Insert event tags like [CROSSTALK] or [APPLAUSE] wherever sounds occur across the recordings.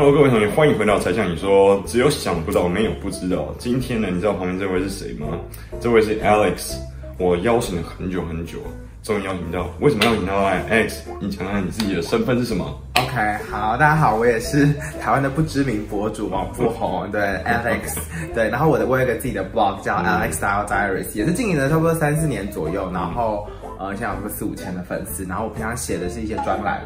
Hello，各位同學，歡迎回到《柴 Sean 你說》，只有想不到，沒有不知道。今天呢，你知道旁邊這位是誰嗎？這位是 Alex，我邀請了很久很久，終於邀請到。為什麼邀請到 Alex？你講講你自己的身份是什麼？OK，好，大家好，我也是台灣的不知名博主、網紅。對，Alex，對，然後我的，我有個自己的 blog 叫 Alex Style Diaries，也是經營了差不多三四年左右，然後呃，現在有個四五千的粉絲，然後我平常寫的是一些專欄。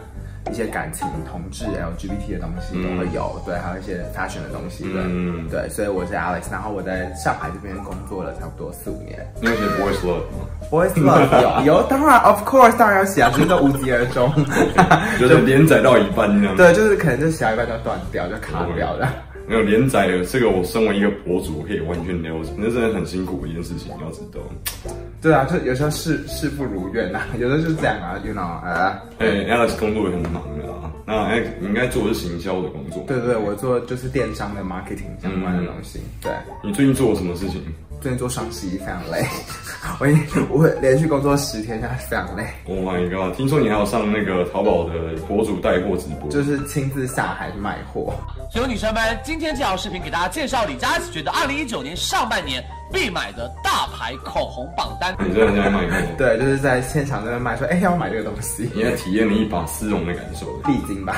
一些感情同志，還有 LGBT 的東西都會有，嗯、對，還有一些他選的東西，對，嗯、對，所以我是 Alex，然後我在上海這邊工作了差不多四五年。因為你有寫 Boys Love？Boys Love 有，當然 [LAUGHS] ，Of course，當然要寫啊，只是，是都無疾而終，okay，就是連載到一半呢。對，就是可能就寫一半就斷掉，就卡掉了。Okay。沒有連載的這個，我身為一個博主，我可以完全了解，那真的很辛苦一件事情，你要知道。對啊，就有時候事事不如願吶、啊，有的時候就是這樣啊，You know 啊哎，Alex 工作也很忙的啊。那哎，你應該做的是行銷的工作。對對，okay? 我做就是電商的 marketing 相關的東西。嗯、對。你最近做了什麼事情？最近做雙十一非常累， [LAUGHS] 我我連續工作十天，現在非常累。Oh my god！聽說你還有上那個淘寶的博主帶貨直播，就是親自下海賣貨。所有女生們，今天這條視頻給大家介紹李佳琦覺得二零一九年上半年，必買的大牌口紅榜單，你知道人在賣口紅，對，就是在現場那賣，說，哎、欸，要買這個東西，你要體驗你一把絲絨的感受，畢竟吧，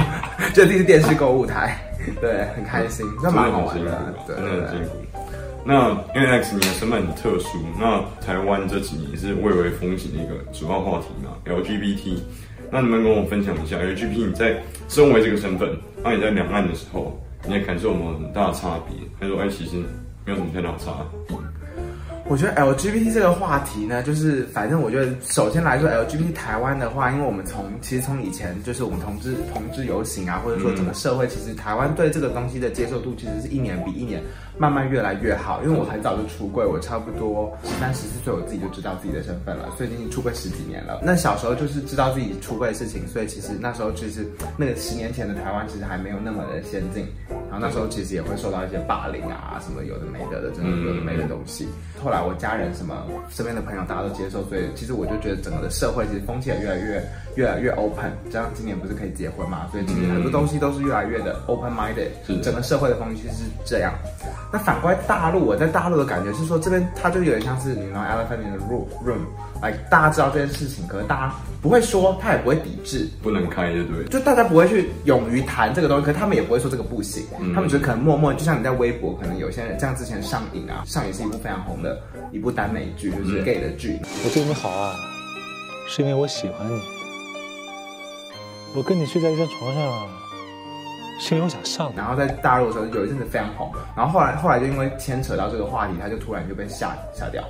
[LAUGHS] 這第一電視購物台，對，很開心，那蠻、嗯、好玩的，真的很辛苦。那 Alex 你的身份很特殊，那台灣這幾年也是蔚為風景的一個主要話題嘛，LGBT，那你們跟我分享一下，LGBT 在身為這個身份，當、啊、你在兩岸的時候，你的感受有沒有很大差別？他、就是、說，哎、欸，其實。沒有什麼太大差啊。我覺得 LGBT 這個話題呢，就是反正我覺得，首先來說 LGBT 台灣的話，因為我們從其實從以前就是我們同志同志遊行啊，或者說整個社會，其實台灣對這個東西的接受度，其實是一年比一年慢慢越來越好。因為我很早就出櫃，我差不多十三、十四歲，我自己就知道自己的身份了，所以已經出櫃十幾年了。那小時候就是知道自己出櫃的事情，所以其實那時候其實那個十年前的台灣，其實還沒有那麼的先進。然後那時候其實也會受到一些霸凌啊，什麼有的沒的的，真的有的沒的東西。嗯、後來我家人、什麼身邊的朋友，大家都接受，所以其實我就覺得整個的社會其實風氣也越來越越來越 open。這樣，今年不是可以結婚嘛？所以其實很多東西都是越來越的 open minded、嗯。整個社會的風氣是這樣。是那反過來大陸，我在大陸的感覺是說，這邊它就有點像是你知道 Elephant in the room room。哎，like, 大家知道這件事情，可是大家不會說，他也不會抵制，不能開，對不對，就大家不會去勇於談這個東西，可是他們也不會說這個不行，嗯嗯他們覺得可能默默，就像你在微博，可能有些人像之前上、啊《上癮》啊，《上癮》是一部非常紅的一部耽美劇，就是 gay 的劇。我對你好，啊，是因為我喜歡你。我跟你睡在一張床上、啊，是因為我想上。然後在大陸的時候有一陣子非常紅，然後後來後來就因為牽扯到這個話題，他就突然就被下下掉。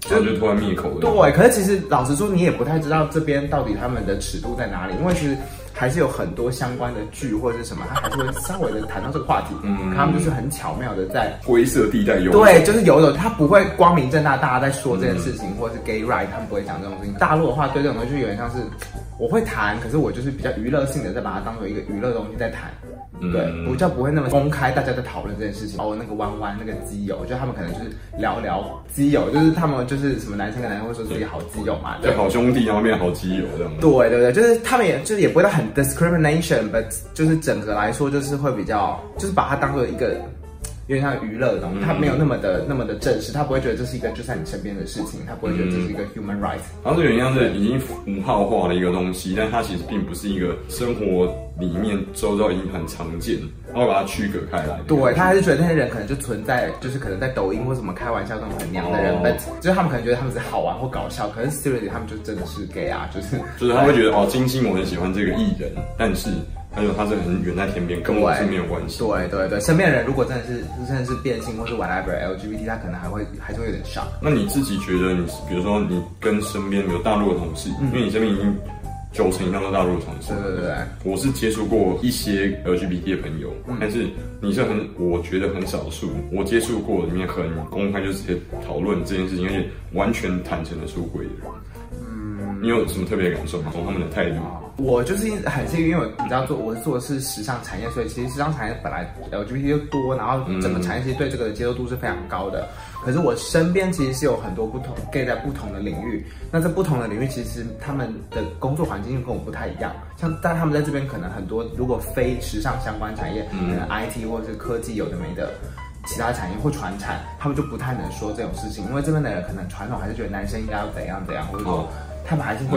這就關滅口的。對，可是其實老實說，你也不太知道這邊到底他們的尺度在哪裡，因為其實還是有很多相關的劇或者是什麼，他還是會稍微的談到這個話題。嗯，他們就是很巧妙的在灰色地帶遊走。對，就是遊走，他不會光明正大，大家在說這件事情，嗯、或者是 gay right，他們不會講這種事情。大陸的話，對這種東西就有點像是。我會談，可是我就是比較娛樂性的，在把它當做一個娛樂東西在談，對，我就、嗯、不會那麼公開，大家在討論這件事情。包括那個彎彎那個基友，就他們可能就是聊聊基友，就是他們就是什麼男生跟男生會說自己好基友嘛對、嗯，就好兄弟然後變好基友這樣。對，對對對，就是他們也就是也不會很 discrimination，but 就是整個來說就是會比較，就是把它當做一個。因為他娛樂的東西，嗯、他沒有那麼的那麼的正式，他不會覺得這是一個就在你身邊的事情，他不會覺得這是一個 human right，嗯。對然後這個原因是已經符號化了一個東西，對但他其實並不是一個生活裡面周遭已經很常見，然後把它區隔開來對。對他還是覺得那些人可能就存在，就是可能在抖音或什麼開玩笑那種很娘的人們，哦、But, 就是他們可能覺得他們是好玩或搞笑，可是 seriously 他們就真的是 gay 啊，就是就是他會覺得對哦，金星我很喜歡這個藝人，但是。還有，他是很遠在天邊，跟我是沒有關係。對對對，身邊的人如果真的是就算是變性或是 whatever LGBT，他可能還會還是會有點傻。那你自己覺得你是，你比如說你跟身邊有大陸的同事，嗯、因為你身邊已經九成以上都大陸的同事。對對對，對我是接觸過一些 LGBT 的朋友，嗯、但是你是很我覺得很少數，我接觸過裡面很公開就直接討論這件事情，而且完全坦誠的出櫃的人你有什麼特別的感受嗎？從、哦、他們的態度？我就是很幸運，因為我你知道做我做的是時尚產業，所以其實時尚產業本來 LGBT 就多，然後整個產業其實對這個的接受度是非常高的。嗯、可是我身邊其實是有很多不同 gay 在不同的領域，那在不同的領域，其實他們的工作環境又跟我不太一樣。像但他們在這邊可能很多，如果非時尚相關產業，嗯，可能 IT 或者是科技有的沒的，其他產業或傳產他們就不太能說這種事情，因為這邊的人可能傳統還是覺得男生應該要怎樣怎樣，或者說。他們還是會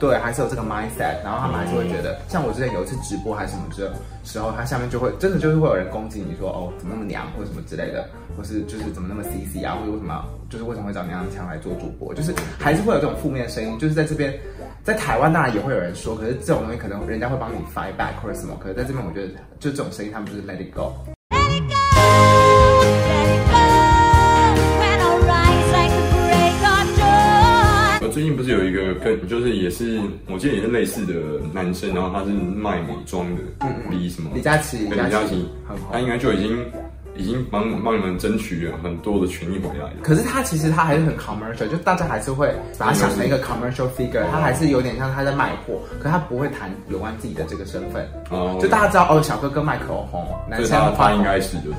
對，還是有這個 mindset，然後他們還是會覺得，嗯、像我之前有一次直播還是什麼的時候，他下面就會真的、就是、就是會有人攻擊你說，哦，怎麼那麼娘或者什麼之類的，或是就是怎麼那麼 cc 啊，或者為什麼就是為什麼會找娘娘腔來做主播，就是還是會有這種負面的聲音，就是在這邊。在台灣當然也會有人說，可是這種東西可能人家會幫你 fight back 或者什麼，可是在這邊我覺得就這種聲音他們就是 let it go。並不是有一個跟，就是也是我記得也是類似的男生，然後他是賣美妝的。李什麼李佳琦，對，李佳琦，他應該就已經已經幫幫你們爭取了很多的權益回來，可是他其實他還是很 commercial，就大家還是會把他想成一個 commercial figure，他還是有點像他在賣貨，可他不會談有關自己的這個身份。哦，就大家知道哦，小哥哥賣口紅，男生他，應該是就對。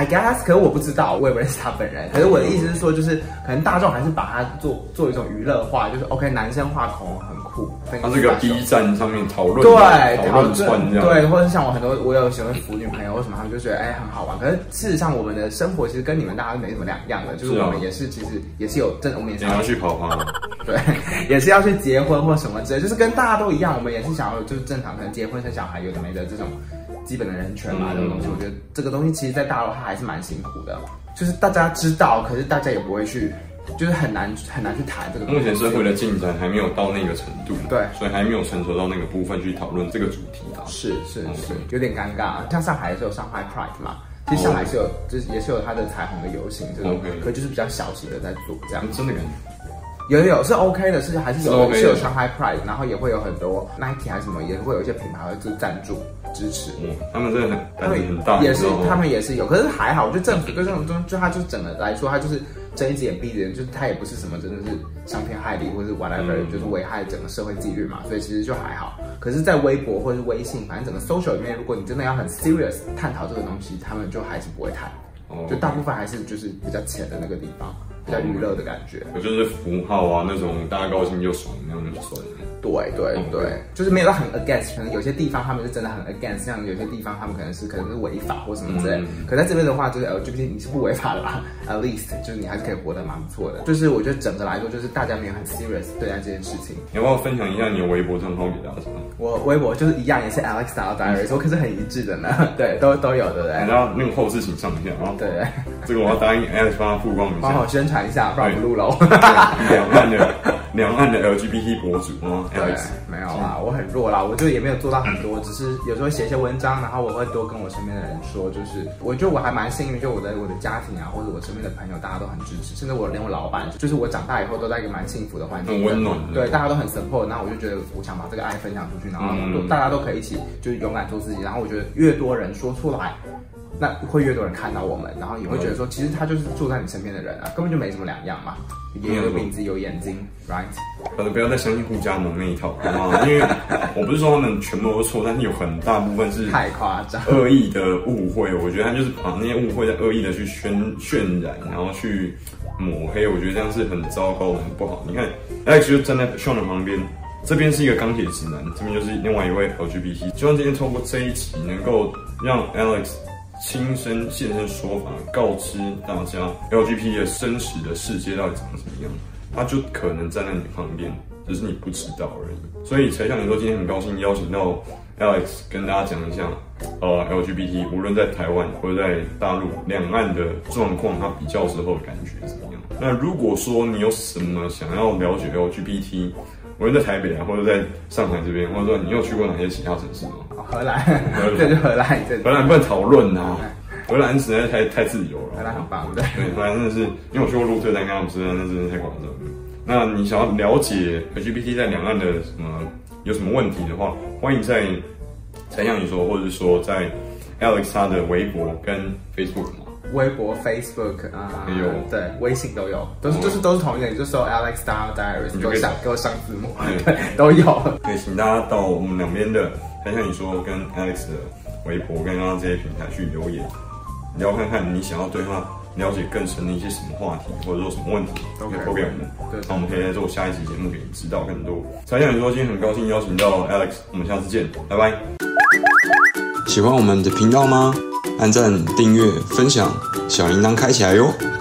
I guess，可是我不知道，我也不認識他本人。可是我的意思是說，就是可能大眾還是把他做做一種娛樂化，就是 OK，男生畫口紅很酷。很酷，他是個 B 站上面討論，對討論串這樣，對，或者像我很多，我有喜歡腐女朋友，什麼他們就覺得哎、欸、很好玩？可是事實上，我們的生活其實跟你們大家沒什麼兩樣的，是哦、就是我們也是其實也是有正，我們也是要去跑跑。對，也是要去結婚或什麼之類，就是跟大家都一樣，我們也是想要就是正常可能結婚生小孩有的沒的這種。基本的人權嘛、嗯，這個東西，我覺得這個東西其實，在大陸它還是蠻辛苦的，就是大家知道，可是大家也不會去，就是很難很難去談這個東西。目前社會的進展還沒有到那個程度，對，所以還沒有成熟到那個部分去討論這個主題啊，是是 Okay 是，有點尷尬。像上海的時候，上海 Pride 嘛，其實上海是有，oh. 就是也是有它的彩虹的遊行這種，Okay. 可就是比較小型的在做這樣，真的感覺。有有是 OK 的，是還是有是、OK、是有 Shanghai Pride，然後也會有很多 Nike 還是什麼，也會有一些品牌會做贊助支持。嗯、哦，他們的，很，他們是很也是、哦、他們也是有，可是還好，我覺得政府對這種東，就他就整個來說，他就是睜一隻眼閉一隻眼，就是他也不是什麼真的是傷天害理，或者是 whatever，、嗯、就是危害整個社會紀律嘛，所以其實就還好。可是，在微博或者是微信，反正整個 social 裡面，如果你真的要很 serious 探討這個東西，他們就還是不會談，哦、就大部分還是就是比較淺的那個地方。比較娛樂的感覺、嗯，就是符號啊，那種大家高興就爽，沒有那麼爽。對對對，就是沒有到很 against，可能有些地方他們是真的很 against，像有些地方他們可能是可能是違法或什麼之類。可在這邊的話，就是呃，LGB，你是不違法的吧，at least 就是你還是可以活得蠻不錯的。就是我覺得整個來說，就是大家沒有很 serious 對待這件事情。你要幫我分享一下你的微博賬號給大家什麼？我微博就是一樣，也是 Alex Diaries，我可是很一致的呢。對，都都有對不對？然後那個後事情上一下，對對，這個我要答應 Alex 幫他曝光一下，幫我宣傳一下，不然我不錄了。兩岸的 LGBT 博主嗎？啊、對，Z 沒有啦，我很弱啦，我就也沒有做到很多，嗯、只是有時候寫一些文章，然後我會多跟我身邊的人說，就是我覺得我還蠻幸運，就我的我的家庭啊，或者我身邊的朋友，大家都很支持，甚至我連我老板，就是我長大以後都在一個蠻幸福的環境，很溫暖，對，大家都很 support，那我就覺得我想把這個愛分享出去，然後大家都可以一起就勇敢做自己，然後我覺得越多人說出來。那會越多人看到我們，然後也會覺得說，其實他就是住在你身邊的人啊，嗯、根本就沒什麼兩樣嘛。有也有名字，有眼睛，right？好的，不要再相信顧家萌那一套了 [LAUGHS] 因為我不是說他們全部都錯，但是有很大部分是太誇張惡意的誤會。我覺得他就是把那些誤會再惡意的去渲渲染，然後去抹黑，我覺得這樣是很糟糕的，很不好。你看，Alex 就站在 Sean 的旁邊，這邊是一個鋼鐵直男，這邊就是另外一位 LGBT。希望今天通過這一集能夠讓 Alex。親身現身說法，告知大家 LGBT 的真實的世界到底長什麼樣，他就可能站在你旁邊，只是你不知道而已。所以才想說，今天很高興邀請到 Alex 跟大家講一下，呃，LGBT 無論在台灣或者在大陸兩岸的狀況，它比較之後的感覺怎麼樣。那如果說你有什麼想要了解 LGBT？我就在台北啊，或者在上海這邊。或者說，你有去過哪些其他城市嗎？荷蘭蘭，這就荷蘭。荷蘭不能討論吶，荷蘭實在是太太自由了。荷蘭很棒，對。荷蘭真的是，因為我去過鹿特丹，在剛剛我們說那，那真的是太誇張。那你想要了解 LGBT 在兩岸的什麼有什麼問題的話，歡迎在柴 Sean 你說，或者是說在 Alexa 的微博跟 Facebook 嘛。微博、Facebook 啊、呃，有、哎呦嗯，對，微信都有，都是、嗯、就是都是同一個，你就說 Alex Diary，給就想給我上字幕，對，對，都有。對，請大家到我們兩邊的柴 Sean 你說跟 Alex 的微博跟剛剛這些平台去留言，要看看你想要對他了解更深的一些什麼話題，或者說什麼問題，可以投給我們，對，那我們可以做下一集節目給你知道更多。柴 Sean 你說今天很高興邀請到 Alex，我們下次見，拜拜。喜歡我們的頻道嗎？按讚、訂閱、分享，小鈴鐺開起來喲！